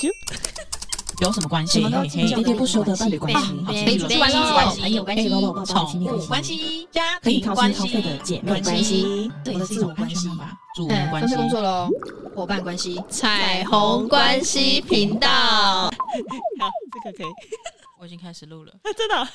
有什麼關係呢？喋喋不休的伴侶關係啊，啊可以，好，背書完嘍。哎，有關係，有關係，有關係，寵物關係，家庭關係、嗯、的姐妹關係，對，這是一種關係吧，主、啊、從關係，同事工作嘍，夥伴關係，彩虹關係頻道。好，這個可以，我已經開始錄了， 真的、哦。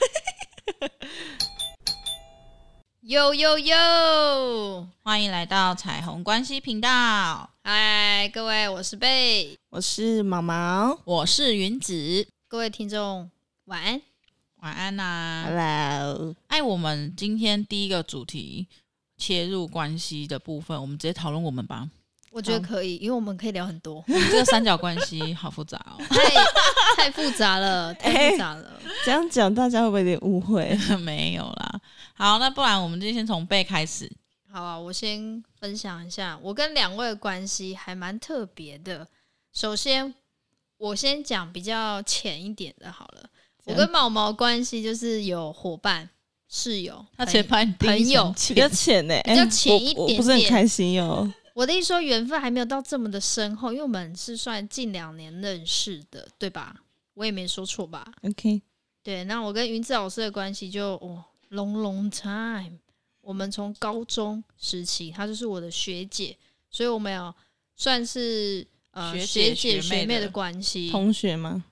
喲喲喲，歡迎來到彩虹關係頻道。嗨，各位，我是貝，我是毛毛，我是芸子。各位聽眾，晚安，晚安啦、啊、，Hello。哎，我們今天第一個主題切入關係的部分，我們直接討論我們吧。我覺得可以、哦，因為我們可以聊很多。哦、這個三角關係好複雜哦， 太太複雜了，太複雜了。欸、 這樣講大家會不會有點誤會？ 沒有啦。好，那不然我們就先從貝開始。好啊，我先分享一下，我跟兩位的關係還蠻特別的。首先，我先講比較淺一點的。好了，我跟毛毛關係就是有夥伴、室友、他前排朋友比較淺呢，比較淺、欸欸、一點，點我，我不是很開心喲、喔。我的意思說緣分還沒有到這麼的深厚，因為我們是算近兩年認識的，對吧？我也沒說錯吧？OK。對，那我跟芸子老師的關係就哦，long long time。我們從高中時期，她就是我的學姐，所以我們要算是呃學姐學妹的關係，學姐學妹的同學嗎？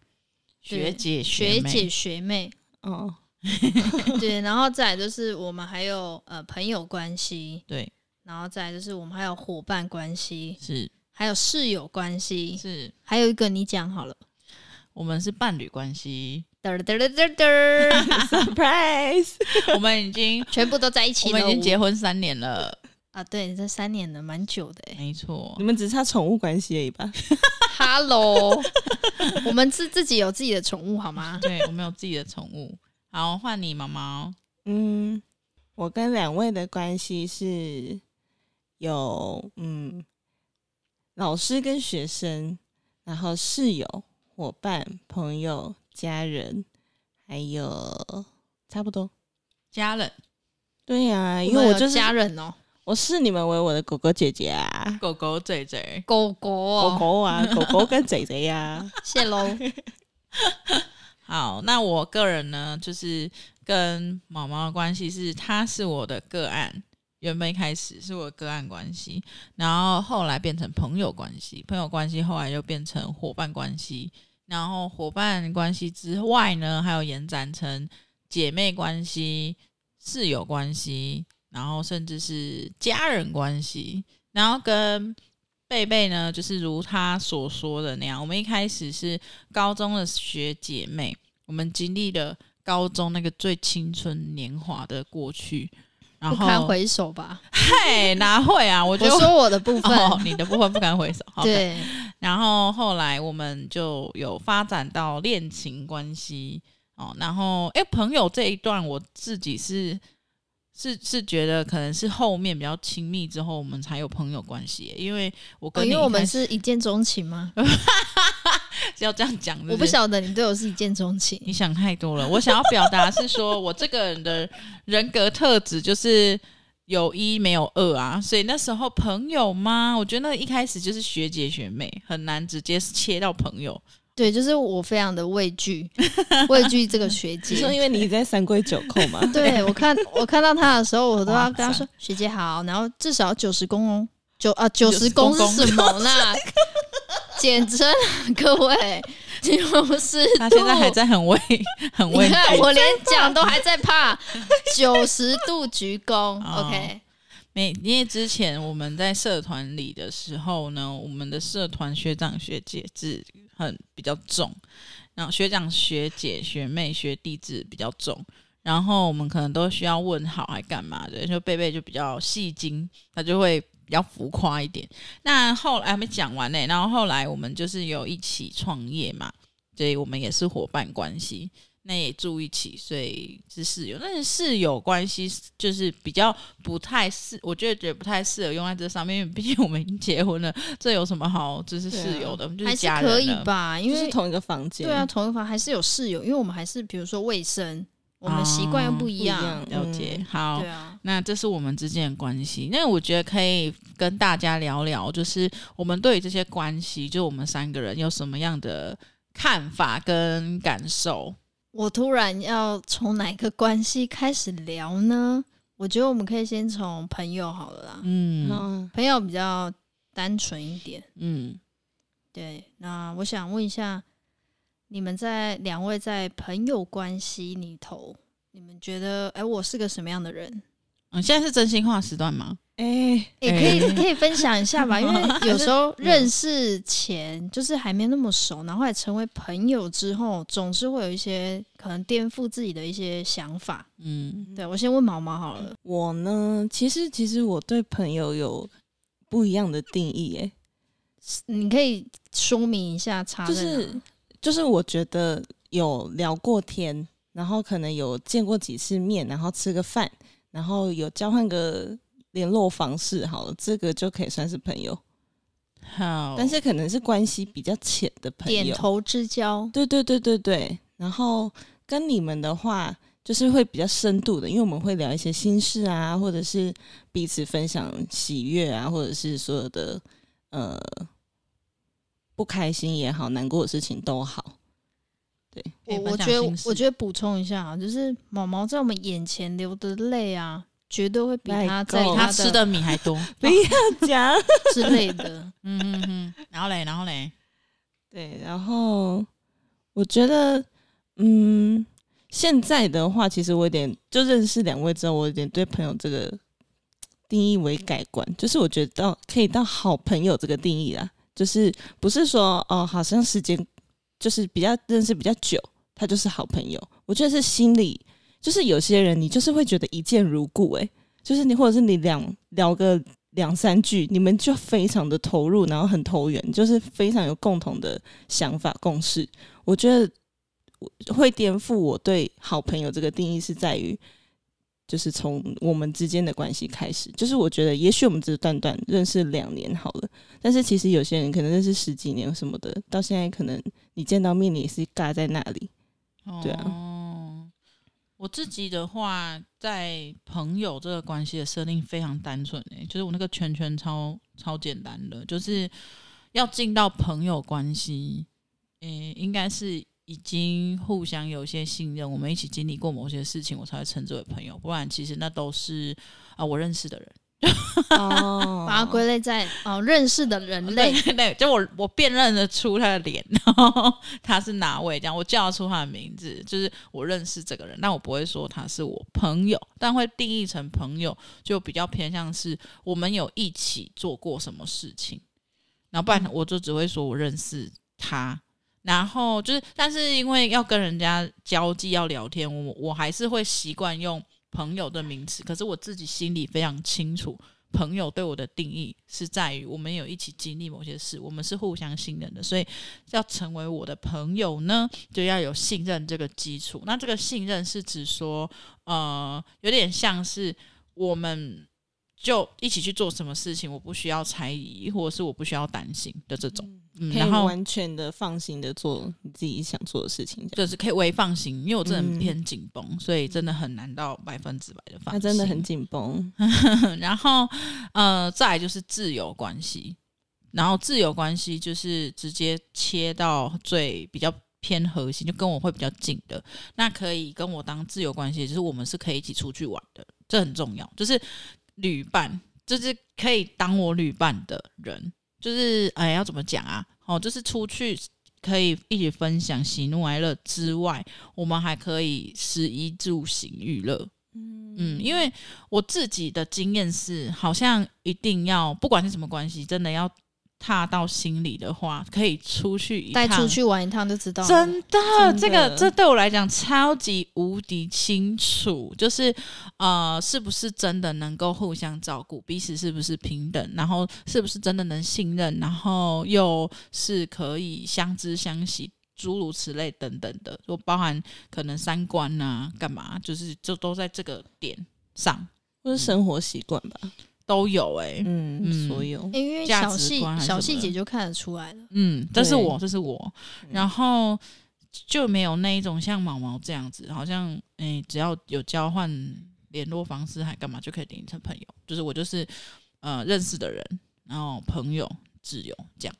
學姐學姐學妹，學姐學妹哦，對，然後再來就是我們還有呃朋友關係，對，然後再來就是我們還有夥伴關係，是，還有室友關係，是，還有一個你講好了，我們是伴侶關係。嘚嘚嘚嘚，Surprise！我們已經 全部都在一起了 我們已經結婚三年了啊，對，這三年了，蠻久的。沒錯，你們只差寵物關係而已吧 ？Hello， 我們是自己有自己的寵物好嗎？對，我們有自己的寵物。 好，換你，毛毛。嗯，我跟兩位的關係是有嗯，老師跟學生，然後室友、夥伴、朋友。家人還有差不多，家人，對呀、啊，因為我就是家人哦，我視你們為我的哥哥姐姐啊，哥、啊、哥姐姐，哥哥哥哥啊，哥 哥跟姐姐呀、啊，謝嘍。 好，那我個人呢，就是跟毛毛的關係是，他是我的個案，原本一開始是我的個案關係，然後後來變成朋友關係，朋友關係後來又變成伙伴關係。然後夥伴關係之外呢，還有延展成姐妹關係、室友關係，然後甚至是家人關係。然後跟貝貝呢，就是如他所說的那樣，我們一開始是高中的學姐妹，我們經歷了高中那個最青春年華的過去。然後不堪回首吧，嘿，hey，哪會啊？我就說我的部分，哦，你的部分不敢回首。 對，Okay. 然後後來我們就有發展到戀情關係哦。然後哎、欸，朋友這一段我自己是是是覺得可能是後面比較親密之後，我們才有朋友關係。因為我跟你、哦、因為我們是一見鍾情嗎？ 是要這樣講，我不曉得你對我是一見鍾情。你想太多了。我想要表達是說， 我這個人的人格特質就是有一沒有二啊。所以那時候朋友嗎？我覺得那一開始就是學姐學妹，很難直接切到朋友。對，就是我非常的畏懼畏懼這個學姐，說 因為你在三跪九叩嘛。對，我看我看到她的時候，我都要跟她說學姐好，然後至少九十躬哦，九啊九十躬,躬是什麼呢？ 簡直了，各位九十 度，他現在還在很為很為，你看我連講都還在怕九十度鞠躬。 OK，哦，沒，因為之前我們在社團裡的時候呢，我們的社團學長學姐制很比較重，然後學長學姐學妹學弟制比較重，然後我們可能都需要問好，還幹嘛的？就貝貝就比較戲精，他就會。比較浮誇一點。那後來還沒講完呢、欸，然後後來我們就是有一起創業嘛，所以我們也是夥伴關係，那也住一起，所以是室友。但是室友關係就是比較不太適，我覺得覺得不太適合用在這上面。畢竟我們已經結婚了，這有什麼好就是室友的、啊就是家人？還是可以吧？因為、就是、同一個房間，對啊，同一個房還是有室友。因為我們還是比如說衛生。我們習慣又不一樣，哦、了解、嗯、好、對啊。那這是我們之間的關係。那我覺得可以跟大家聊聊，就是我們對於這些關係，就我們三個人有什麼樣的看法跟感受。我突然要從哪一個關係開始聊呢？我覺得我們可以先從朋友好了啦。嗯，朋友比較單純一點。嗯，對。那我想問一下。你們在兩位在朋友關係裡頭，你們覺得哎、欸，我是個什麼樣的人？嗯，現在是真心話時段嗎？哎、欸，也、欸、可以、欸、可以分享一下吧， 因為有時候認識前就是還沒那麼熟，然後也成為朋友之後，總是會有一些可能顛覆自己的一些想法。嗯，對，我先問毛毛好了。我呢，其實其實我對朋友有不一樣的定義、欸，哎，你可以說明一下差在哪、就是就是我覺得有聊過天，然後可能有見過幾次面，然後吃個飯，然後有交換個聯絡方式，好了，這個就可以算是朋友。好，但是可能是關係比較淺的朋友，點頭之交。對對對對對。然後跟你們的話，就是會比較深度的，因為我們會聊一些心事啊，或者是彼此分享喜悅啊，或者是所有的呃。不開心也好，難過的事情都好，對。我、欸、我覺得我覺得補充一下啊，就是毛毛在我們眼前流的淚啊，絕對會比他在他吃的米還多，不、哦、要講之類的。 嗯嗯嗯。然後嘞，然後嘞，對。然後我覺得，嗯，現在的話，其實我有點就認識兩位之後，我有點對朋友這個定義為改觀，就是我覺得到可以到好朋友這個定義啦。就是不是說哦，好像時間就是比較認識比較久，他就是好朋友。我覺得是心裡就是有些人，你就是會覺得一見如故、欸，誒,就是你或者是你兩聊個兩三句，你們就非常的投入，然後很投緣，就是非常有共同的想法共識。我覺得我會顛覆我對好朋友這個定義，是在於。就是從我們之間的關係開始，就是我覺得，也許我們只是短短認識兩年好了，但是其實有些人可能認識十幾年什麼的，到現在可能你見到面你也是尬在那裡。對啊，哦、我自己的話，在朋友這個關係的設定非常單純誒、欸，就是我那個圈圈超超簡單的，就是要進到朋友關係，誒、欸，應該是。已經互相有些信任，我們一起經歷過某些事情，我才會稱之為朋友。不然，其實那都是啊、哦，我認識的人，哦、 把它歸類在哦，認識的人類。對，對、對就我我辨認得出他的臉，然後他是哪位這樣，我叫出他的名字，就是我認識這個人。那我不會說他是我朋友，但會定義成朋友，就比較偏向是我們有一起做過什麼事情。然後不然，我就只會說我認識他。嗯然後就是，但是因為要跟人家交際、要聊天，我我還是會習慣用朋友的名詞。可是我自己心裡非常清楚，朋友對我的定義是在於我們有一起經歷某些事，我們是互相信任的。所以要成為我的朋友呢，就要有信任這個基礎。那這個信任是指說，呃，有點像是我們。就一起去做什麼事情，我不需要猜疑，或者是我不需要擔心的這種，嗯、然後完全的放心的做你自己想做的事情，就是可以微放心，因為我真的很偏緊繃、嗯，所以真的很難到百分之百的放心、啊。真的很緊繃。 然後，呃，再來就是自由關係，然後自由關係就是直接切到最比較偏核心，就跟我會比較近的，那可以跟我當自由關係，就是我們是可以一起出去玩的，這很重要，就是。旅伴，就是可以當我旅伴的人。就是哎，要怎麼講啊？哦，就是出去可以一起分享喜怒哀樂之外，我們還可以食衣住行娛樂。嗯嗯，因為我自己的經驗是，好像一定要，不管是什麼關係，真的要。踏到心裡的話，可以出去一趟，帶出去玩一趟就知道了。真的。真的，這個這對我來講超級無敵清楚，就是呃，是不是真的能夠互相照顧，彼此是不是平等，然後是不是真的能信任，然後又是可以相知相惜諸如此類等等的，就包含可能三觀啊，幹嘛，就是就都在這個點上，嗯、就是生活習慣吧。都有哎、欸嗯，嗯，所有，欸、因為小細小細節就看得出來了，嗯，這是我，這是我，然後就沒有那一種像毛毛這樣子，好像誒、欸，只要有交換聯絡方式還幹嘛就可以定義成朋友，就是我就是呃認識的人，然後朋友、摯友這樣。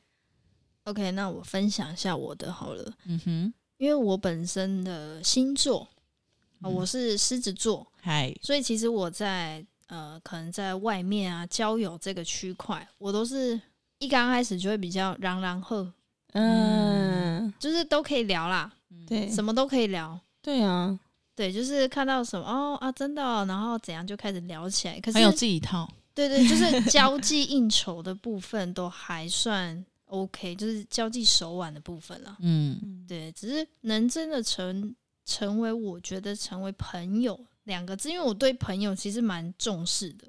OK，那我分享一下我的好了，嗯哼，因為我本身的星座，嗯、我是獅子座，嗨，所以其實我在。呃，可能在外面啊，交友這個區塊，我都是一剛開始就會比較嚷，嚷喝嗯，嗯，就是都可以聊啦，對、嗯，什麼都可以聊，對啊，對，就是看到什麼哦啊，真的、啊，然後怎樣就開始聊起來，可是還有自己一套，對對，就是交際應酬的部分都還算 OK， 就是交際手腕的部分啦，嗯，對，只是能真的成成為我覺得成為朋友。兩個字，因為我對朋友其實蠻重視的，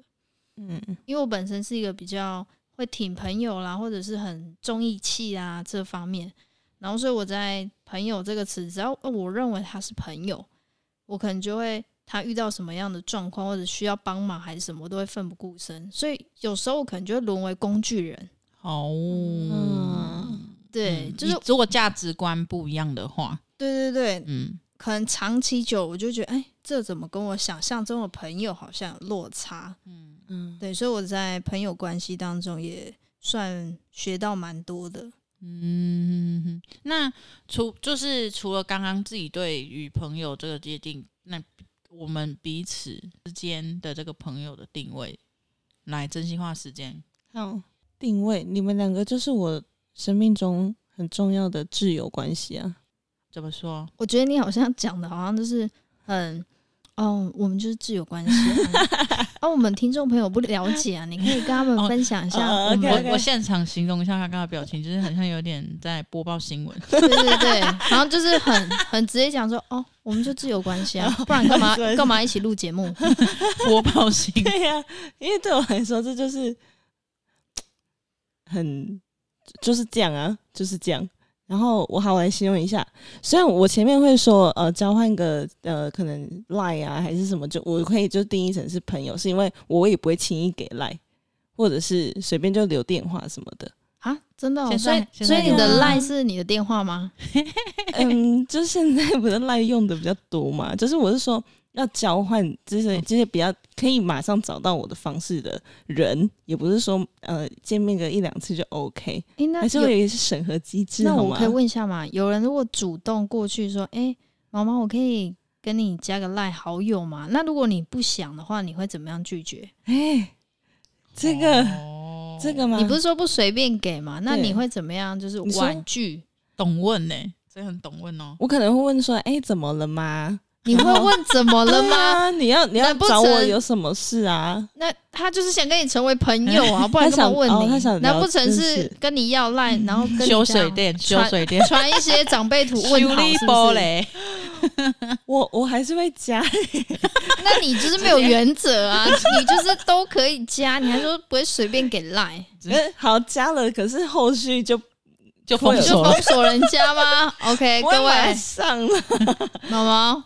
嗯，因為我本身是一個比較會挺朋友啦，或者是很重義氣啊這方面，然後所以我在朋友這個詞，只要我認為他是朋友，我可能就會他遇到什麼樣的狀況或者需要幫忙還是什麼，我都會奮不顧身。所以有時候我可能就會淪為工具人。哦、oh 嗯嗯，對，嗯、就是如果價值觀不一樣的話，對對對，對，嗯。可能長期久，我就覺得，哎、欸，這怎麼跟我想象中的朋友好像有落差？嗯嗯，對，所以我在朋友關係當中也算學到蠻多的。嗯，那除就是除了剛剛自己對與朋友這個界定，那我們彼此之間的這個朋友的定位，來真心話時間，還有定位你們兩個就是我生命中很重要的摯友關係啊。怎麼說？我覺得你好像講的好像就是很、嗯，哦，我們就是摯友關係啊， 啊！我們聽眾朋友不了解啊，你可以跟他們分享一下我，哦哦 okay, okay。我我現場形容一下他剛剛表情，就是很像有點在播報新聞。 對對對，然後就是很很直接講說，哦，我們就摯友關係啊，不然幹嘛幹嘛一起錄節目？ 播報新聞。對呀、啊，因為對我來說，這就是很就是這樣啊，就是這樣。然後我好來形容一下，雖然我前面會說，呃，交換個呃，可能 LINE 啊還是什麼，就我可以就定義成是朋友，是因為我也不會輕易給 LINE 或者是隨便就留電話什麼的啊，真的，哦，所以所以，啊，你的 LINE 是你的電話嗎？ 嗯，就現在不是 LINE 用的比較多嘛，就是我是說。要交換，就是就是比較可以馬上找到我的方式的人，嗯、也不是說呃見面個一兩次就 OK。欸、那這個也是審核機制，那我可以問一下嘛、嗯，有人如果主動過去說，哎、欸，毛毛，我可以跟你加個賴好友嗎？那如果你不想的話，你會怎麼樣拒絕？哎、欸，這個、oh，這個嗎？你不是說不隨便給嗎？那你會怎麼樣？就是婉拒？懂問呢、欸，這很懂問哦、喔。我可能會問說，哎、欸，怎麼了嗎？你會問怎麼了嗎？哎、你要你要找我有什麼事啊？那他就是想跟你成為朋友啊，不然想問你，難、哦、不成是跟你要賴、嗯？然後跟你。修水電，修水電，傳一些長輩圖問他是不是我我還是會加。那你就是沒有原則啊！你就是都可以加，你還說不會隨便給賴、嗯？好加了，可是後續就。就封鎖，就封鎖人家嗎 ？OK，上各位，上 了毛毛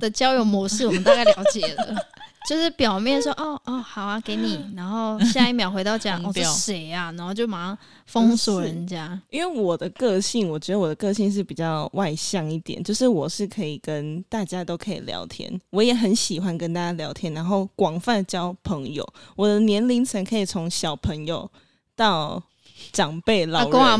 的交友模式，我們大概了解了。 就是表面說哦哦好啊，給你，然後下一秒回到家，我、 哦、是誰啊？然後就馬上封鎖人家、嗯。因為我的個性，我覺得我的個性是比較外向一點，就是我是可以跟大家都可以聊天，我也很喜歡跟大家聊天，然後廣泛交朋友。我的年齡層可以從小朋友到長輩老人。阿公阿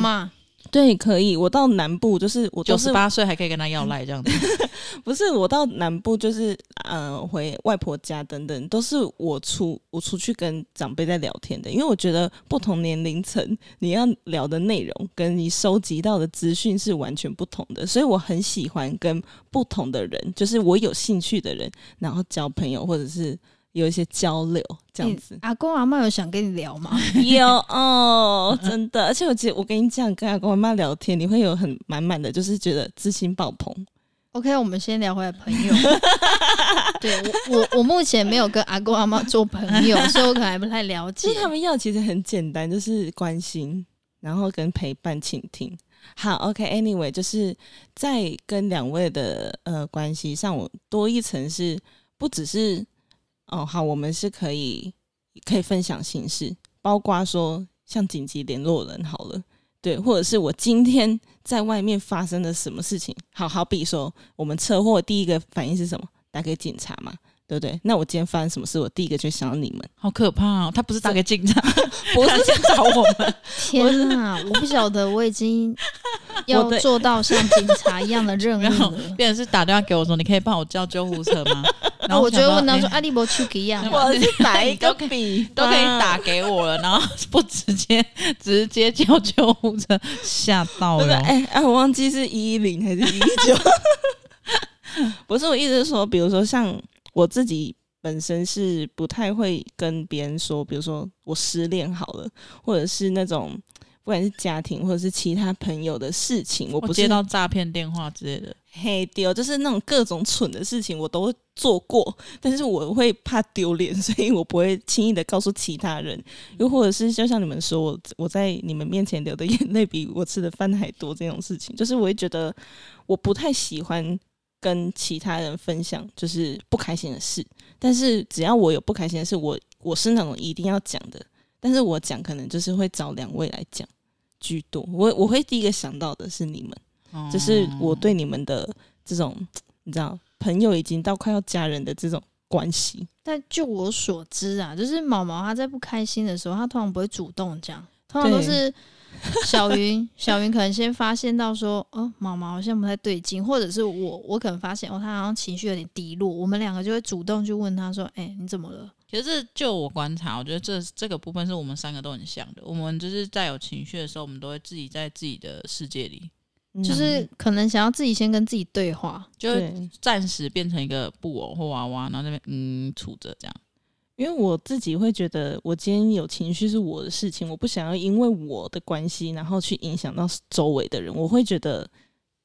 對，可以。我到南部就是我九十八歲還可以跟他要賴這樣子， 不是我到南部就是呃回外婆家等等，都是我出我出去跟長輩在聊天的。因為我覺得不同年齡層你要聊的內容跟你收集到的資訊是完全不同的，所以我很喜歡跟不同的人，就是我有興趣的人，然後交朋友或者是。有一些交流這樣子，欸、阿公阿媽有想跟你聊嗎？ 有哦， 真的，而且我覺我跟你講，跟阿公阿媽聊天，你會有很滿滿的，就是覺得自信爆棚。OK，我們先聊回來朋友。 對，我我我目前沒有跟阿公阿媽做朋友， 所以我可能還不太了解。其實他們要其實很簡單，就是關心，然後跟陪伴、傾聽。好，OK，Anyway，okay，就是在跟兩位的呃關係上，我多一層是不只是。哦，好，我們是可以可以分享形式，包括說像緊急聯絡人好了，對，或者是我今天在外面發生了什麼事情，好好比說我們車禍，第一個反應是什麼？打給警察嘛，對不對？那我今天發生什麼事，我第一個就想到你們，好可怕哦！他不是打給警察，不是找我們。 天啊，我,我不曉得，我已經要做到像警察一樣的任務，變成 是打電話給我說，你可以幫我叫救護車嗎？啊、然後不我覺得問他、欸、說阿利伯出個呀，或、啊、者、啊、是打一個比、啊啊，都可以打給我了，然後不直接直接叫救護車嚇到了。哎、欸啊、我忘記是一一零還是一一九。 不是，我一直說，比如說像我自己本身是不太會跟別人說，比如說我失戀好了，或者是那種。不管是家庭或者是其他朋友的事情，我不接到詐騙電話之類的，嘿丟就是那種各種蠢的事情我都做過，但是我會怕丟臉，所以我不會輕易的告訴其他人、嗯。又或者是就像你們說我，我在你們面前流的眼淚比我吃的飯還多這種事情，就是我會覺得我不太喜歡跟其他人分享就是不開心的事。但是只要我有不開心的事，我我是那種一定要講的。但是我講可能就是會找兩位來講居多，我我會第一個想到的是你們，嗯、就是我對你們的這種你知道朋友已經到快要家人的這種關係。但就我所知啊，就是毛毛他在不開心的時候，他通常不會主動講，通常都是小芸 小芸可能先發現到說哦，毛毛好像不太對勁，或者是我我可能發現哦，他好像情緒有點低落，我們兩個就會主動去問他說哎、欸、你怎麼了？其實就我觀察，我覺得這這個部分是我們三個都很像的。我們就是在有情緒的時候，我們都會自己在自己的世界裡，就是可能想要自己先跟自己對話，就暫時變成一個布偶或娃娃，然後那邊嗯杵着這樣。因為我自己會覺得，我今天有情緒是我的事情，我不想要因為我的關係，然後去影響到周圍的人。我會覺得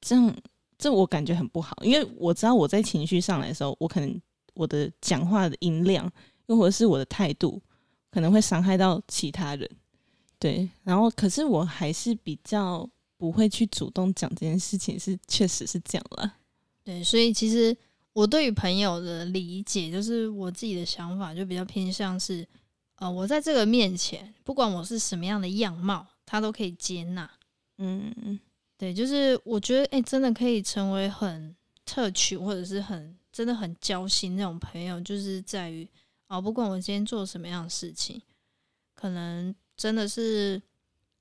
這樣，這我感覺很不好，因為我知道我在情緒上來的時候，我可能我的講話的音量。又或者是我的態度，可能會傷害到其他人，對。然後，可是我還是比較不會去主動講這件事情是，是確實是這樣啦。對，所以其實我對於朋友的理解，就是我自己的想法，就比較偏向是，呃，我在這個面前，不管我是什麼樣的樣貌，他都可以接納。嗯，對，就是我覺得，哎、欸，真的可以成為很特殊或者是很真的很交心那種朋友，就是在於。哦，不管我今天做什麼樣的事情，可能真的是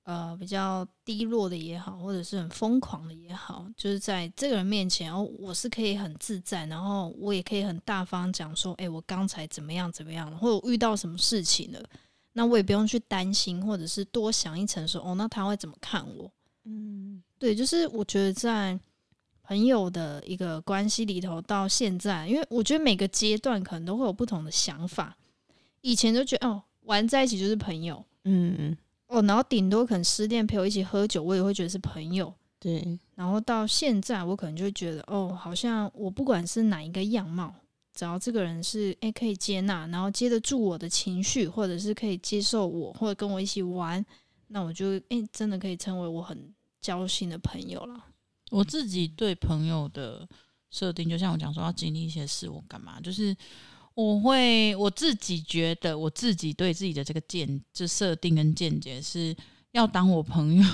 呃比較低落的也好，或者是很瘋狂的也好，就是在這個人面前，哦，我是可以很自在，然後我也可以很大方講說，誒、欸，我剛才怎麼樣怎麼樣，或者我遇到什麼事情了，那我也不用去擔心，或者是多想一層說，哦，那他會怎麼看我？嗯，對，就是我覺得在。朋友的一個關係裡頭，到現在，因為我覺得每個階段可能都會有不同的想法。以前都覺得哦，玩在一起就是朋友，嗯，哦，然後頂多可能失戀陪我一起喝酒，我也會覺得是朋友。對，然後到現在，我可能就覺得哦，好像我不管是哪一個樣貌，只要這個人是誒、欸、可以接納，然後接得住我的情緒，或者是可以接受我，或者跟我一起玩，那我就誒、欸、真的可以成為我很交心的朋友了。我自己對朋友的設定，就像我講說要經歷一些事，我幹嘛？就是我會我自己覺得，我自己對自己的這個見，就設定跟見解是要當我朋友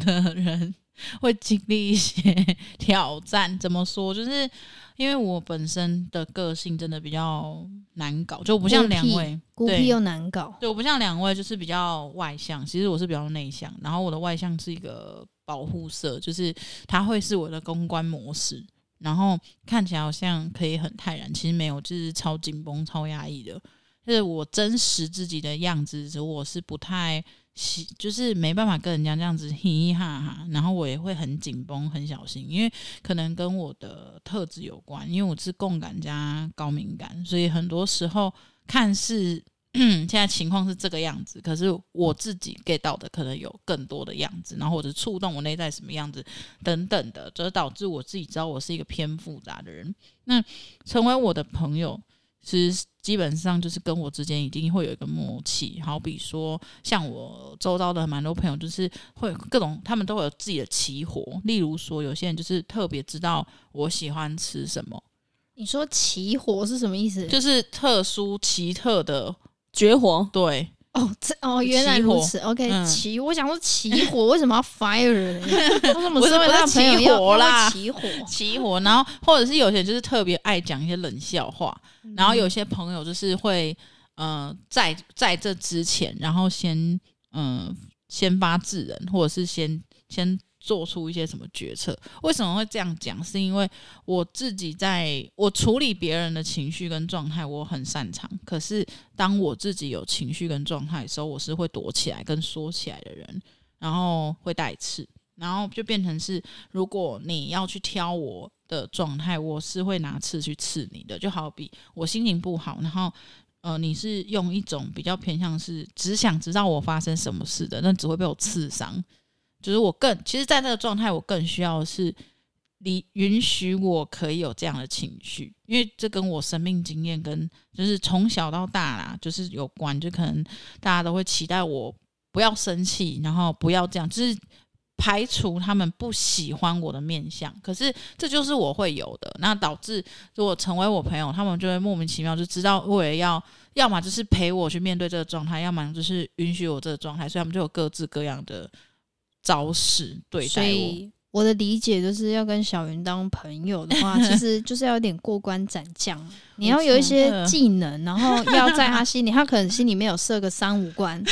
的人會經歷一些挑戰。怎麼說？就是因為我本身的個性真的比較難搞，就不像兩位孤僻又難搞。就我不像兩位就是比較外向，其實我是比較內向。然後我的外向是一個。保護色就是它會是我的公關模式，然後看起來好像可以很泰然，其實沒有，就是超緊繃、超壓抑的，就是我真實自己的樣子。我是不太喜，就是沒辦法跟人家這樣子嘻嘻哈哈，然後我也會很緊繃、很小心，因為可能跟我的特質有關，因為我是共感加高敏感，所以很多時候看似。現在情況是這個樣子，可是我自己 get 到的可能有更多的樣子，然後或者觸動我內在什麼樣子等等的，就是導致我自己知道我是一個偏複雜的人。那成為我的朋友，其實基本上就是跟我之間一定會有一個默契。好比說，像我周遭的蠻多朋友，就是會各種他們都會有自己的奇活，例如說有些人就是特別知道我喜歡吃什麼。你說奇活是什麼意思？就是特殊奇特的。絕活，對哦，這哦原來如此。起 OK，、嗯、起，我想說起火為什麼要 fire 呢？我怎麼要起火啦？ 起火，起火。然後或者是有些人就是特別愛講一些冷笑話，嗯、然後有些朋友就是會嗯、呃、在在這之前，然後先嗯、呃、先發制人，或者是先先。做出一些什麼決策？為什麼會這樣講？是因為我自己在，我處理別人的情緒跟狀態，我很擅長。可是當我自己有情緒跟狀態的時候，我是會躲起來跟縮起來的人，然後會帶刺，然後就變成是，如果你要去挑我的狀態，我是會拿刺去刺你的。就好比我心情不好，然後呃，你是用一種比較偏向是只想知道我發生什麼事的，那只會被我刺傷。就是我更，其實，在這個狀態，我更需要的是你允許我可以有這樣的情緒，因為這跟我生命經驗跟就是從小到大啦，就是有關。就可能大家都會期待我不要生氣，然後不要這樣，就是排除他們不喜歡我的面相。可是這就是我會有的，那導致如果成為我朋友，他們就會莫名其妙就知道，為了要，要麼就是陪我去面對這個狀態，要麼就是允許我這個狀態。所以他們就有各自各樣的。招式對。所以我的理解就是要跟小芸當朋友的話， 其實就是要有點過關斬將， 你要有一些技能，然後要在他心裡，他可能心裡面有設個三五關，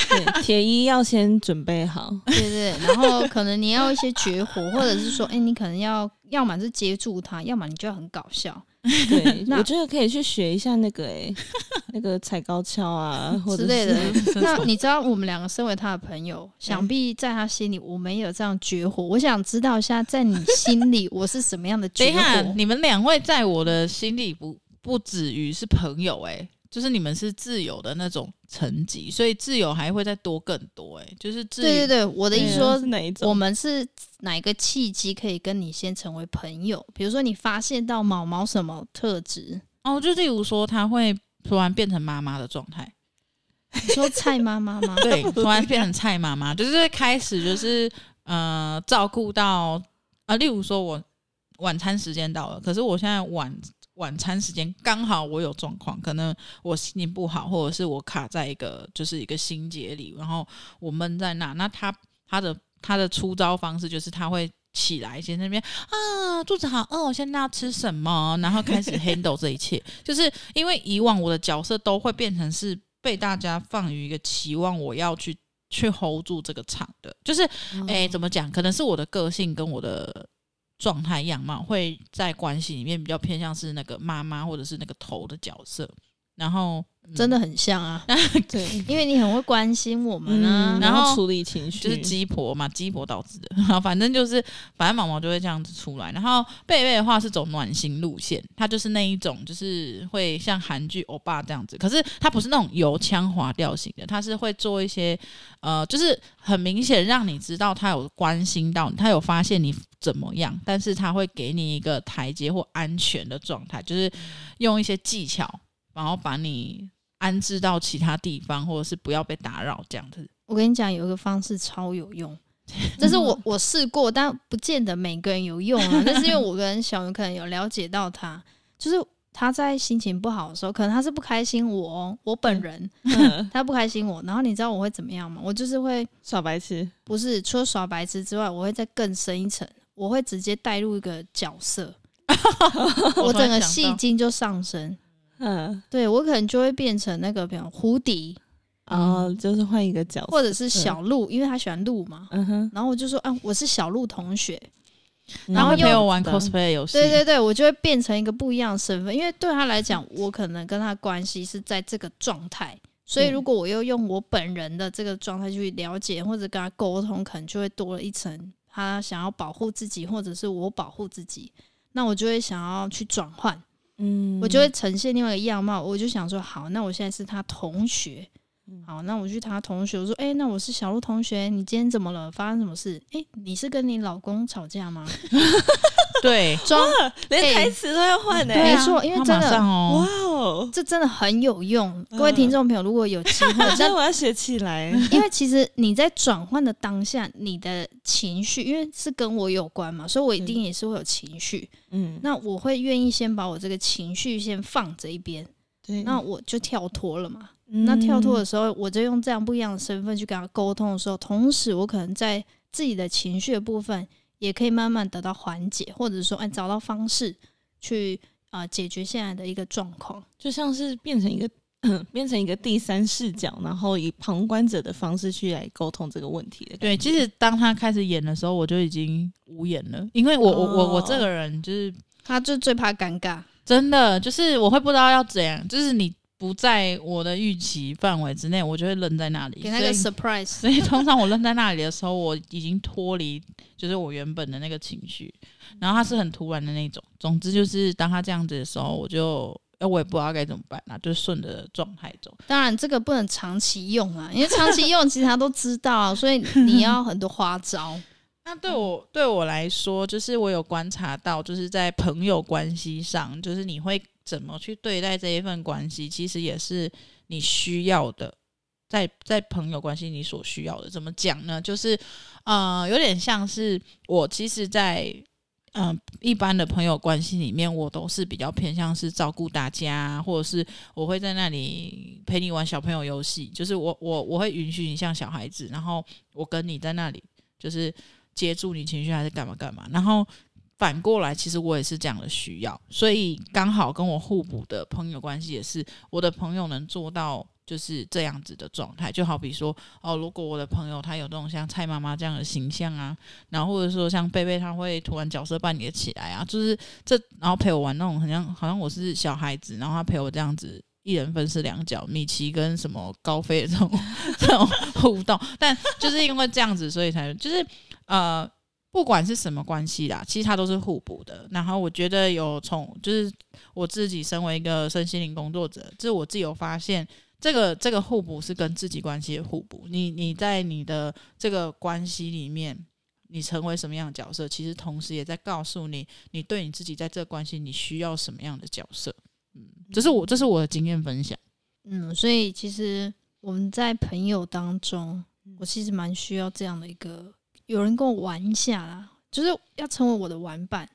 鐵 衣，要先準備好， 對，對對？然後可能你要一些絕活， 或者是說，哎、欸，你可能要，要麼是接住他，要麼你就要很搞笑。 對，那我覺得可以去學一下那個哎、欸。 那個踩高蹺啊之、啊、類的，那你知道我們兩個身為他的朋友， 想必在他心裡我沒有這樣絕活、嗯。我想知道一下，在你心裡我是什麼樣的絕活？你們兩位在我的心裡不不止於是朋友，欸，誒，就是你們是摯友的那種層級，所以摯友還會再多更多，欸，誒。就是摯友對對對，我的意思說，哪一種？我們是哪一個契機可以跟你先成為朋友？比如說你發現到毛毛什麼特質？哦，就例如說他會。突然變成媽媽的狀態，你說蔡媽媽嗎？ 對，突然變成蔡媽媽，就是開始就是呃照顧到啊，例如說我晚餐時間到了，可是我現在晚晚餐時間剛好我有狀況，可能我心情不好，或者是我卡在一個就是一個心結裡，然後我悶在那，那他他的他的出招方式就是他會。起來，先那，那邊啊，肚子好餓，我、哦、現在要吃什麼？然後開始 handle 這一切， 就是因為以往我的角色都會變成是被大家放於一個期望，我要去去 hold 住這個場的，就是哎、嗯欸，怎麼講？可能是我的個性跟我的狀態樣貌，會在關係裡面比較偏向是那個媽媽或者是那個頭的角色。然後、嗯、真的很像啊，啊對， 因為你很會關心我們啊，嗯、然後，然後處理情緒就是雞婆嘛，雞婆導致的。然後反正就是，反正毛毛就會這樣子出來。然後貝貝的話是走暖心路線，他就是那一種，就是會像韓劇歐巴這樣子，可是他不是那種油腔滑調型的，他是會做一些呃，就是很明顯讓你知道他有關心到你，他有發現你怎麼樣，但是他會給你一個台階或安全的狀態，就是用一些技巧。然後把你安置到其他地方，或者是不要被打擾這樣子。我跟你講，有一個方式超有用，這是我、嗯、我試過，但不見得每個人有用啊。 但是因為我跟小芸可能有了解到他，就是他在心情不好的時候，可能他是不開心我，我本人、嗯嗯、他不開心我，然後你知道我會怎麼樣嗎？我就是會耍白痴，不是除了耍白痴之外，我會再更深一層，我會直接帶入一個角色， 我，我整個戲精就上身。嗯，對我可能就會變成那個，比如胡迪，然後、嗯哦、就是換一個角色，或者是小鹿、嗯，因為他喜歡鹿嘛。嗯哼，然後我就說，嗯、啊，我是小鹿同學，然後，然後沒有玩 cosplay 遊戲。對對對，我就會變成一個不一樣的身份，因為對他來講，我可能跟他關係是在這個狀態，所以如果我又用我本人的這個狀態去了解、嗯、或者跟他溝通，可能就會多了一層他想要保護自己，或者是我保護自己，那我就會想要去轉換。嗯，我就會呈現另外一個樣貌。我就想說，好，那我現在是他同學。好，那我去他同學。我說：“哎、欸，那我是小鹿同學，你今天怎麼了？發生什麼事？哎、欸，你是跟你老公吵架嗎？” 對，裝了連台詞都要換的、欸嗯，沒錯。因為真的、哦，哇哦，這真的很有用。各位聽眾朋友，如果有機會，真的我要學起來。 因為其實你在轉換的當下，你的情緒，因為是跟我有關嘛，所以我一定也是會有情緒。嗯，那我會願意先把我這個情緒先放這一邊。對，那我就跳脫了嘛。那跳脫的時候，我就用這樣不一樣的身份去跟他溝通的時候、嗯，同時我可能在自己的情緒的部分也可以慢慢得到緩解，或者說哎，找到方式去啊、呃、解決現在的一個狀況，就像是變成一個變成一個第三視角，然後以旁觀者的方式去來溝通這個問題的。對，其實當他開始演的時候，我就已經無言了，因為我、哦、我我我這個人就是他，就最怕尷尬，真的就是我會不知道要怎樣，就是你。不在我的預期範圍之內，我就會愣在那裡，給那個 surprise。所以，所以通常我愣在那裡的時候， 我已經脫離，就是我原本的那個情緒。然後它是很突然的那種。總之就是，當他這樣子的時候，我就哎，我也不知道該怎麼辦啦、啊，就順着狀態走。當然，這個不能長期用啊，因為長期用，其實他都知道、啊， 所以你要很多花招。 那對我對我來說，就是我有觀察到，就是在朋友關係上，就是你會。怎麼去對待這一份關係，其實也是你需要的，在在朋友關係你所需要的，怎麼講呢？就是，呃，有點像是我，其實在，在、呃、嗯一般的朋友關係裡面，我都是比較偏向是照顧大家，或者是我會在那裡陪你玩小朋友遊戲，就是我我我會允許你像小孩子，然後我跟你在那裡就是接住你情緒，還是幹嘛幹嘛，然後。反過來，其實我也是這樣的需要，所以剛好跟我互補的朋友關係也是我的朋友能做到就是這樣子的狀態。就好比說，哦，如果我的朋友他有這種像蔡媽媽這樣的形象啊，然後或者說像貝貝他會突然角色扮演起來啊，就是這，然後陪我玩那種很像好像我是小孩子，然後他陪我這樣子一人分飾兩角，米奇跟什麼高飛的這種 這種互動。但就是因為這樣子，所以才就是呃。不管是什麼關係啦，其實它都是互補的。然後我覺得有從就是我自己身為一個身心靈工作者，這是我自己有發現，這個這個互補是跟自己關係的互補。你你在你的這個關係裡面，你成為什麼樣的角色，其實同時也在告訴你，你對你自己在這個關係你需要什麼樣的角色。嗯，這是我，這是我的經驗分享。嗯，所以其實我們在朋友當中，我其實蠻需要這樣的一個。有人跟我玩一下啦，就是要成為我的玩伴，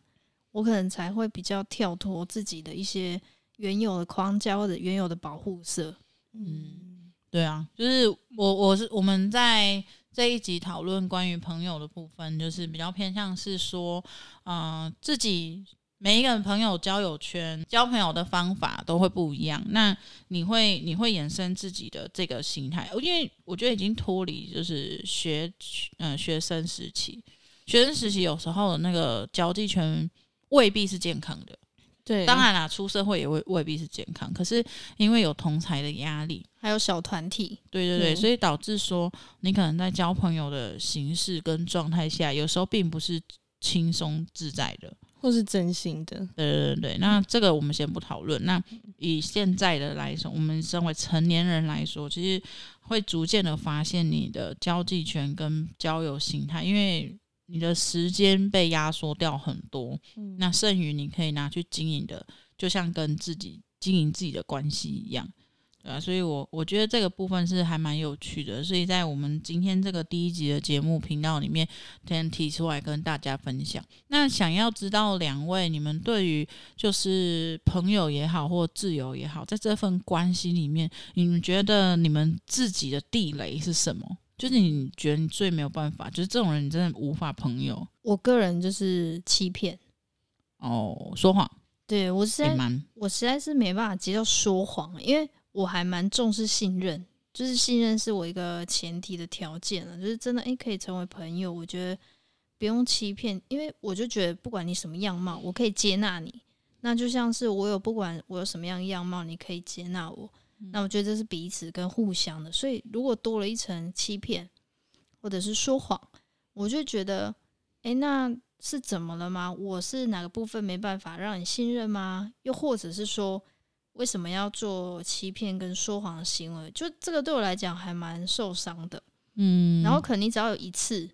我可能才會比較跳脫自己的一些原有的框架或者原有的保護色。嗯，對啊，就是我，我是，我們在這一集討論關於朋友的部分，就是比較偏向是說，嗯、呃，自己。每一個人朋友交友圈、交朋友的方法都會不一樣，那你會你會延伸自己的這個心態，因為我覺得已經脫離就是學嗯、呃、學生時期，學生時期有時候那個交際圈未必是健康的，對，當然啦、啊，出社會也未未必是健康，可是因為有同儕的壓力，還有小團體，對對對、嗯，所以導致說你可能在交朋友的形式跟狀態下，有時候並不是輕鬆自在的。都是真心的，對對對。那這個我們先不討論。那以現在的來說，我們身為成年人來說，其實會逐漸的發現你的交際圈跟交友心態，因為你的時間被壓縮掉很多。那剩餘你可以拿去經營的，就像跟自己經營自己的關係一樣。啊，所以我我覺得這個部分是還蠻有趣的，所以在我們今天這個第一集的節目頻道裡面先提出來跟大家分享。那想要知道兩位，你們對於就是朋友也好，或摯友也好，在這份關係裡面，你們覺得你們自己的地雷是什麼？就是你覺得你最沒有辦法，就是這種人，你真的無法朋友。我個人就是欺騙，哦，說謊。對，我實在、欸、我實在是沒辦法接受說謊，因為。我還蠻重視信任，就是信任是我一個前提的條件了。就是真的，誒、欸，可以成為朋友，我覺得不用欺騙，因為我就覺得，不管你什麼樣貌，我可以接納你。那就像是我有，不管我有什麼樣樣貌，你可以接納我。嗯、那我覺得這是彼此跟互相的，所以如果多了一層欺騙或者是說謊，我就覺得，誒、欸，那是怎麼了嗎？我是哪個部分沒辦法讓你信任嗎？又或者是說，為什麼要做欺騙跟說謊的行為？就這個對我來講還蠻受傷的，嗯。然後可能你只要有一次，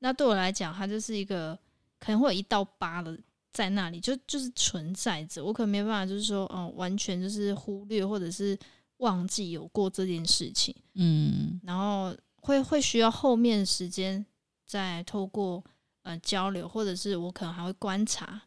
那對我來講，它就是一個可能會有一道疤的在那裡，就就是存在着。我可能沒辦法就是說，哦、呃，完全就是忽略或者是忘記有過這件事情，嗯。然後會會需要後面時間再透過呃交流，或者是我可能還會觀察。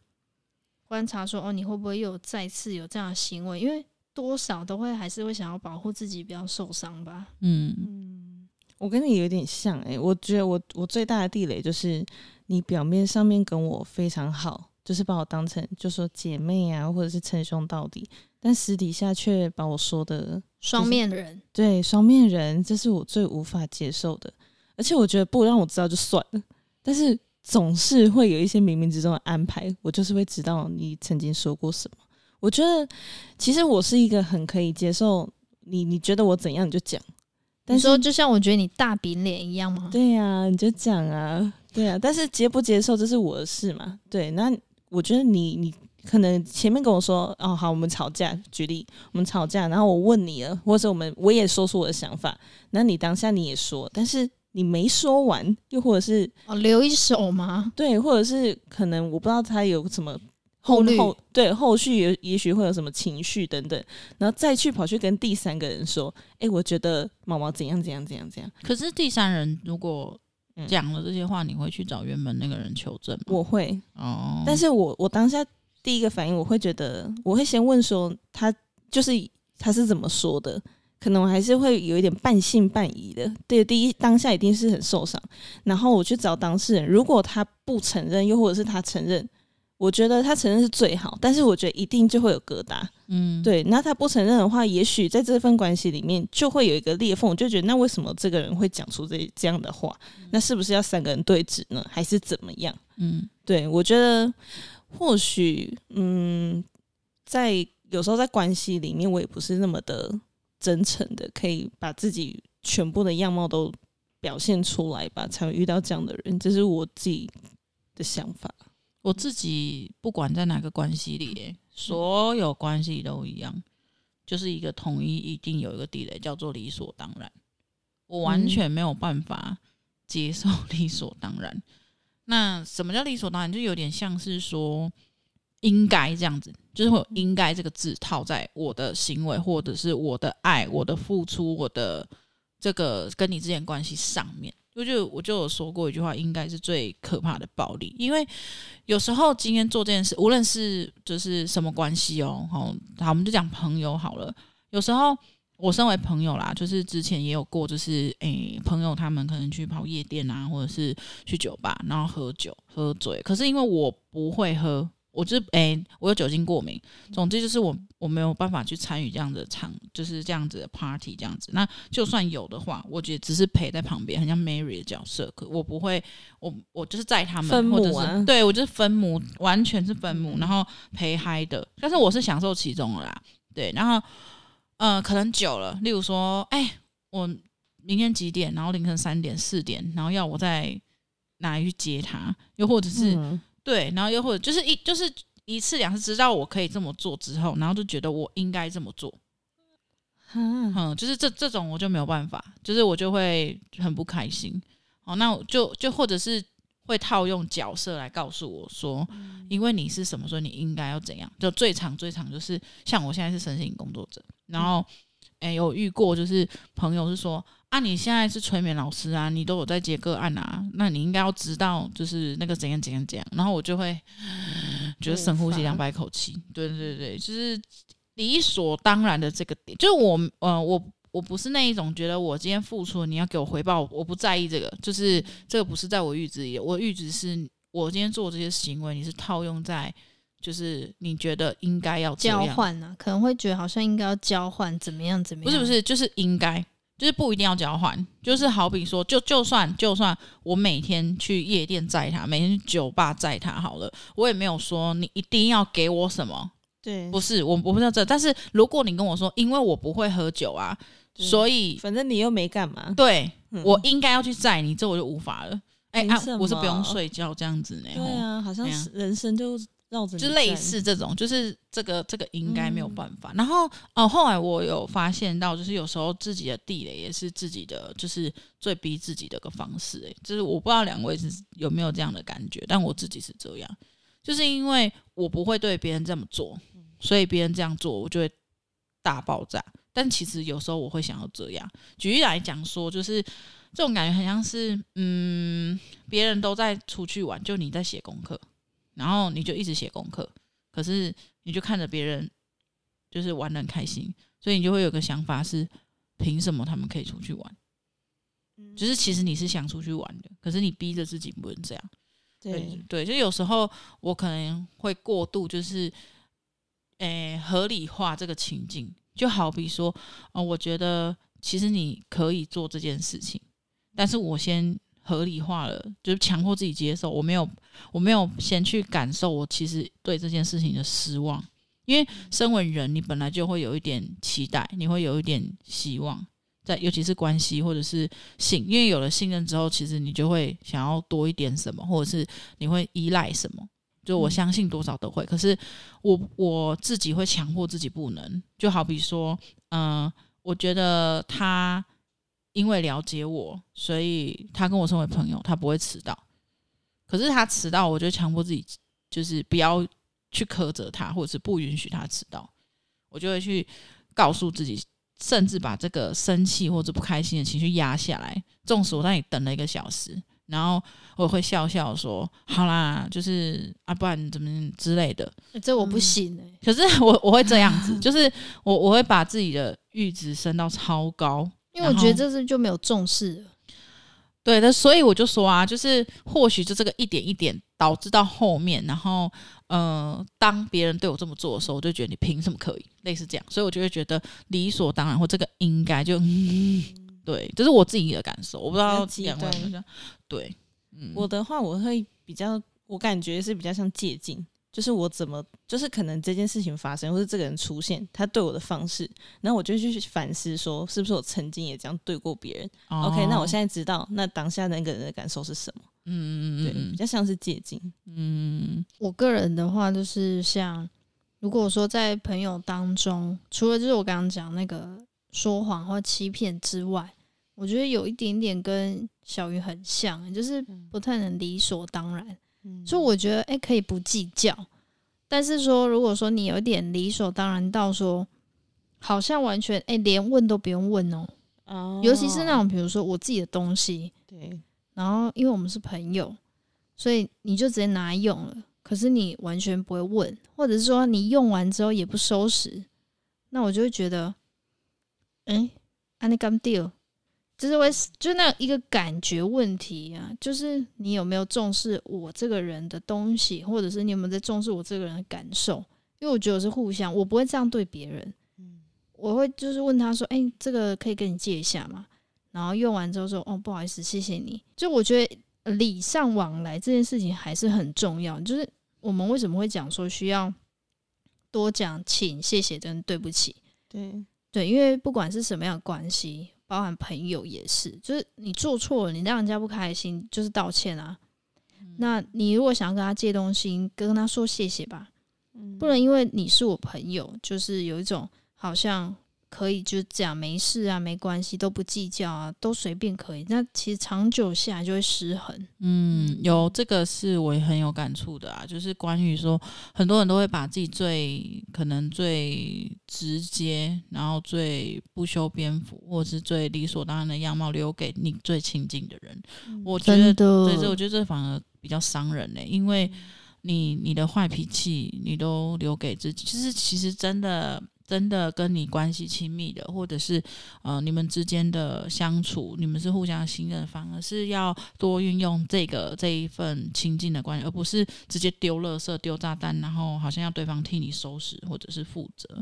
觀察說哦，你會不會又有再次有這樣的行為？因為多少都會還是會想要保護自己，不要受傷吧，嗯。嗯，我跟你有點像誒、欸，我覺得我我最大的地雷就是你表面上面跟我非常好，就是把我當成就說姐妹啊，或者是稱兄道弟，但私底下卻把我說的、就是、雙面人，對雙面人，這是我最無法接受的。而且我覺得不讓我知道就算了，但是。總是會有一些冥冥之中的安排，我就是會知道你曾經說過什麼。我覺得其實我是一個很可以接受你，你覺得我怎樣你就講，但是說就像我覺得你大餅臉一樣嘛。對呀，啊，你就講啊，對啊。但是接不接受這是我的事嘛？對，那我覺得你你可能前面跟我說哦，好，我們吵架舉例，我們吵架，然後我問你了，或者我們我也說出我的想法，那你當下你也說，但是。你沒說完，又或者是哦留一手嗎？對，或者是可能我不知道他有什麼後，後對後續也也許會有什麼情緒等等，然後再去跑去跟第三個人說，哎、欸，我覺得毛毛怎樣怎樣怎樣怎樣。可是第三人如果講了這些話、嗯，你會去找原本那個人求證嗎？我會哦，但是我我當下第一個反應，我會覺得我會先問說他就是他是怎麼說的。可能我還是會有一點半信半疑的。對，第一當下一定是很受傷。然後我去找當事人，如果他不承認，又或者是他承認，我覺得他承認是最好。但是我覺得一定就會有疙瘩。嗯，對。那他不承認的話，也許在這份關係裡面就會有一個裂縫。我就覺得，那為什麼這個人會講出這這樣的話？嗯。那是不是要三個人對質呢？還是怎麼樣？嗯，對。我覺得或許，嗯，在有時候在關係裡面，我也不是那麼的。真誠的，可以把自己全部的樣貌都表現出來吧，才會遇到這樣的人。這是我自己的想法。我自己不管在哪個關係裡欸，所有關係都一樣，嗯，就是一個統一一定有一個地雷，叫做理所當然。我完全沒有辦法接受理所當然。嗯、那什麼叫理所當然？就有點像是說應該這樣子。就是會應該這個字套在我的行為，或者是我的愛、我的付出、我的這個跟你之間關係上面。我就我就有說過一句話，應該是最可怕的暴力。因為有時候今天做這件事，無論是就是什麼關係哦，好，好，我們就講朋友好了。有時候我身為朋友啦，就是之前也有過，就是誒、欸，朋友他們可能去跑夜店啊，或者是去酒吧，然後喝酒喝醉，可是因為我不會喝。我就是哎、欸，我有酒精過敏。總之就是我我沒有辦法去參與這樣子的場，就是這樣子的 party 這樣子。那就算有的話，我覺得只是陪在旁邊，很像 Mary 的角色。可我不會，我我就是載他們，或者是、啊、對，我就是分母，完全是分母，然後陪嗨的。但是我是享受其中的啦，對。然後，呃，可能久了，例如說，哎、欸，我明天幾點？然後凌晨三點、四點，然後要我在哪裡去接他？又或者是。嗯。對，然後又或者就是一就是一次兩次知道我可以這麼做之後，然後就覺得我應該這麼做，嗯，嗯就是這這種我就沒有辦法，就是我就會很不開心。哦，那我就就或者是會套用角色來告訴我說，嗯、因為你是什麼，所以你應該要怎樣。就最常最常就是像我現在是身心工作者，然後哎、嗯、有遇過就是朋友是說。啊，你現在是催眠老師啊，你都有在接個案啊，那你應該要知道，就是那個怎樣、怎樣、怎樣、怎樣。然後我就會、嗯、覺得深呼吸兩百口氣，對對對，就是理所當然的這個點。就是我，呃，我我不是那一種覺得我今天付出，你要給我回報，我不在意這個。就是這個不是在我預知裡，我預知是我今天做這些行為，你是套用在，就是你覺得應該要交換呢？啊？可能會覺得好像應該要交換，怎麼樣怎麼樣？不是不是，就是應該。就是不一定要交換，就是好比說，就就算就算我每天去夜店載他，每天去酒吧載他好了，我也沒有說你一定要給我什麼。對，不是我我不知道這，但是如果你跟我說，因為我不會喝酒啊，所以反正你又沒幹嘛，對、嗯、我應該要去載你，這我就無法了。哎、欸啊，我是不用睡覺這樣子呢？對啊，好像是人生就。 就類似這種，就是這個這個應該沒有辦法。嗯、然後哦、呃，後來我有發現到，就是有時候自己的地雷也是自己的，就是最逼自己的個方式、欸。就是我不知道兩位是有沒有這樣的感覺，嗯、但我自己是這樣，就是因為我不會對別人這麼做，所以別人這樣做我就會大爆炸。但其實有時候我會想要這樣。舉例來講說，就是這種感覺很像是，嗯，別人都在出去玩，就你在寫功課。然後你就一直寫功課，可是你就看着別人就是玩得很開心，所以你就會有個想法是：憑什麼他們可以出去玩？嗯，就是其實你是想出去玩的，可是你逼着自己不能這樣。對對，就有時候我可能會過度，就是誒、欸、合理化這個情境，就好比說，哦、呃，我覺得其實你可以做這件事情，但是我先。合理化了，就是強迫自己接受。我沒有，我沒有先去感受。我其實對這件事情的失望，因為身為人，你本來就會有一點期待，你會有一點希望。在尤其是關係或者是信，因為有了信任之後，其實你就會想要多一點什麼，或者是你會依賴什麼。就我相信多少都會。可是我我自己會強迫自己不能。就好比說，嗯、呃，我覺得他。因為了解我，所以他跟我成為朋友，他不會遲到。可是他遲到，我就強迫自己，就是不要去苛責他，或者是不允許他遲到。我就會去告訴自己，甚至把這個生氣或者不開心的情緒壓下來。縱使我那裡等了一個小時，然後我會笑笑說：“好啦，就是啊，不然怎麼之類的。”這我不行、欸，可是我我會這樣子， 就是我我會把自己的閾值升到超高。因為我覺得這是就沒有重視，對的，所以我就說啊，就是或許就這個一點一點導致到後面，然後呃，當別人對我這麼做的時候，我就覺得你憑什麼可以，類似這樣，所以我就會覺得理所當然或這個應該就、嗯嗯、對，這是我自己的感受，我不知道。對、嗯，我的話我會比較，我感覺是比較像借鏡。就是我怎麼，就是可能這件事情發生，或是這個人出現，他對我的方式，那我就去反思，說是不是我曾經也這樣對過別人。哦。OK，那我現在知道，那當下那個人的感受是什麼？嗯嗯嗯，對，比較像是借鑑。嗯，我個人的話，就是像如果說在朋友當中，除了就是我剛剛講那個說謊或欺騙之外，我覺得有一點點跟小芸很像，就是不太能理所當然。嗯嗯、所以我覺得，誒、欸、可以不計較，但是說，如果說你有點理所當然到說，好像完全誒、欸、連問都不用問，喔、哦，尤其是那種比如說我自己的東西，對，然後因為我們是朋友，所以你就直接拿來用了，可是你完全不會問，或者是說你用完之後也不收拾，那我就會覺得，哎，any deal。這就是我就那一個感覺問題啊，就是你有沒有重視我這個人的東西，或者是你有沒有在重視我這個人的感受？因為我覺得我是互相，我不會這樣對別人。嗯，我會就是問他說：“哎、欸，這個可以跟你借一下嗎？”然後用完之後說：“哦，不好意思，謝謝你。”就我覺得禮尚往來這件事情還是很重要。就是我們為什麼會講說需要多講請、謝謝跟對不起？對對，因為不管是什麼樣的關係。包含朋友也是，就是你做錯了，你讓人家不開心，就是道歉啊、嗯。那你如果想要跟他借東西，跟他說謝謝吧，嗯、不能因為你是我朋友，就是有一種好像。可以就這樣，沒事啊，沒關係，都不計較啊，都隨便可以。那其實長久下來就會失衡。嗯，有這個是我也很有感觸的啊，就是關於說，很多人都會把自己最可能最直接，然後最不修邊幅，或是最理所當然的樣貌留給你最親近的人。我覺得，所以我覺得這反而比較傷人欸，因為你你的壞脾氣你都留給自己，就是其實真的。真的跟你關係親密的，或者是呃你們之間的相處，你們是互相信任的方，反而是要多運用這個這一份親近的關係，而不是直接丟垃圾、丟炸彈，然後好像要對方替你收拾或者是負責。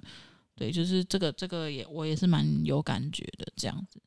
對，就是這個這個也我也是蠻有感覺的，這樣子。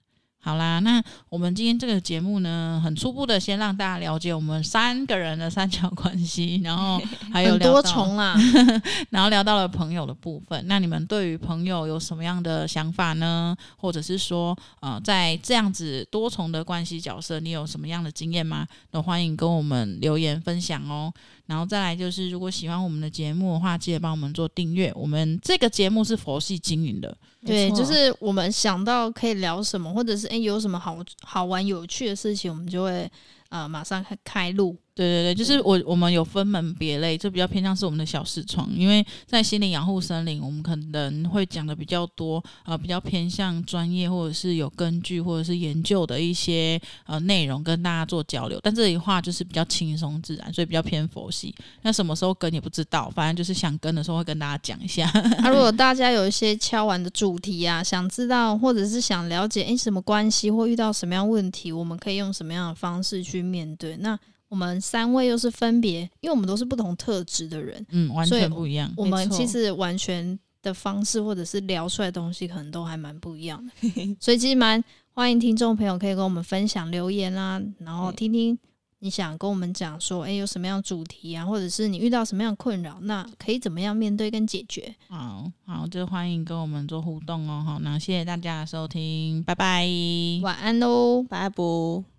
好啦，那我們今天這個節目呢，很初步的先讓大家了解我們三個人的三角關係，然後還有多重啦， 然後聊到了朋友的部分。那你們對於朋友有什麼樣的想法呢？或者是說，呃，在這樣子多重的關係角色，你有什麼樣的經驗嗎？都歡迎跟我們留言分享哦。然後再來就是，如果喜歡我們的節目的話，記得幫我們做訂閱。我們這個節目是佛系經營的，對，就是我們想到可以聊什麼，或者是。誒、欸、有什麼好好玩、有趣的事情，我們就會呃馬上開開錄。對對對，就是我我們有分門別類，就比較偏向是我們的小視窗，因為在心靈養護森林，我們可能會講的比較多啊、呃，比較偏向專業或者是有根據或者是研究的一些呃內容跟大家做交流。但這裡話就是比較輕鬆自然，所以比較偏佛系。那什麼時候跟也不知道，反正就是想跟的時候會跟大家講一下，啊。那如果大家有一些敲完的主題啊，想知道或者是想了解，哎，什麼關係或遇到什麼樣問題，我們可以用什麼樣的方式去面對？那我們三位又是分別，因為我們都是不同特質的人，嗯，完全不一樣。我們其實完全的方式或者是聊出來的東西，可能都還蠻不一樣的。嘿嘿，所以其實蠻歡迎聽眾朋友可以跟我們分享留言啊，然後聽聽你想跟我們講說，哎、欸，有什麼樣主題啊，或者是你遇到什麼樣困擾，那可以怎麼樣面對跟解決？好好，就歡迎跟我們做互動哦，好，那謝謝大家的收聽，拜拜，晚安嘍，拜拜。